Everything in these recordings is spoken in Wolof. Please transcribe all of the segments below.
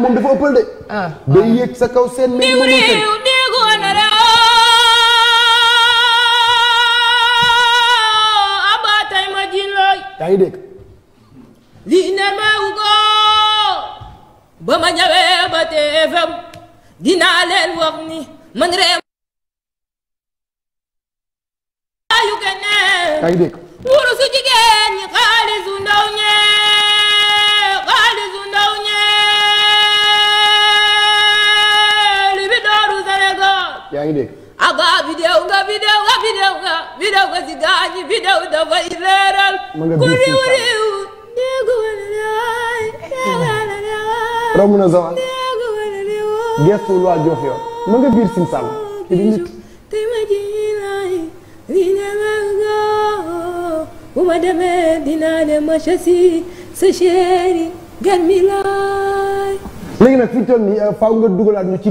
moom dafa ëppal de. Ah. day yéeg sa kaw seen. mbir mu ah, yaa ngi dégg. lii ne ma wugoo ba ma ñëwee ba TFM dinaa leen wax ni man réew. yaa ngi dégg. yaa ngi dégg aba bidéew nga bidéew nga bidéew nga si gaañi bidéew dafay leeral ku riw riw déggu wala laay romb na zawal gestu waa jox yoon ma nga biir sim sàll ki di nit bu ma demee dinaa dem ma chassi sa chéri gar mi laay léegi nag fi ñu toll nii euh, faaw nga dugalaat ñu ci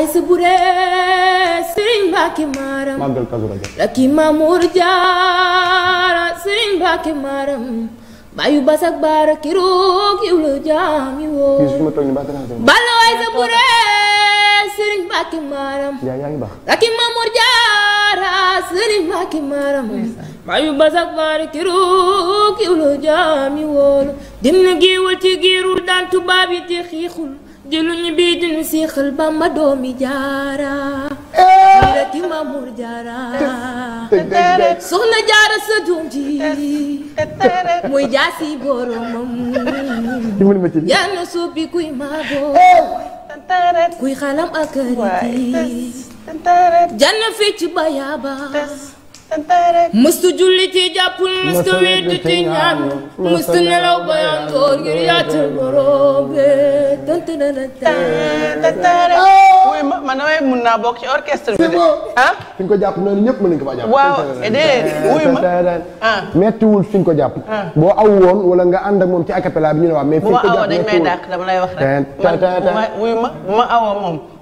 ay sa buré sëriñ basak baara kiroog yiw la jaam dim na giiwal ci giiru tubaab yi te xiixul jëluñu bii dinu siixal bamba doomi jaara la ki Mamour jaara soxna jaara sa doom ji mooy jaasi boromam yaa na soppi kuy maago kuy xalam ak kariti janna fecc bayaaba mustu julli ci jàppul mustu wedd ci ñaan mustu nelaw ba yantoor ngir yaatal borom be tant na na tan oui man damay mun naa bokk ci orchestre bi ah fi ko jàpp noonu ñëpp mën nañ ko faa jàpp waaw eh de oui ma ah mettiwul fi ko jàpp ah. boo aw woon wala nga ànd ak moom ci acapella bi ñu ne mais fi ko jàpp dañ may dàq dama lay wax rek ma ma awoo moom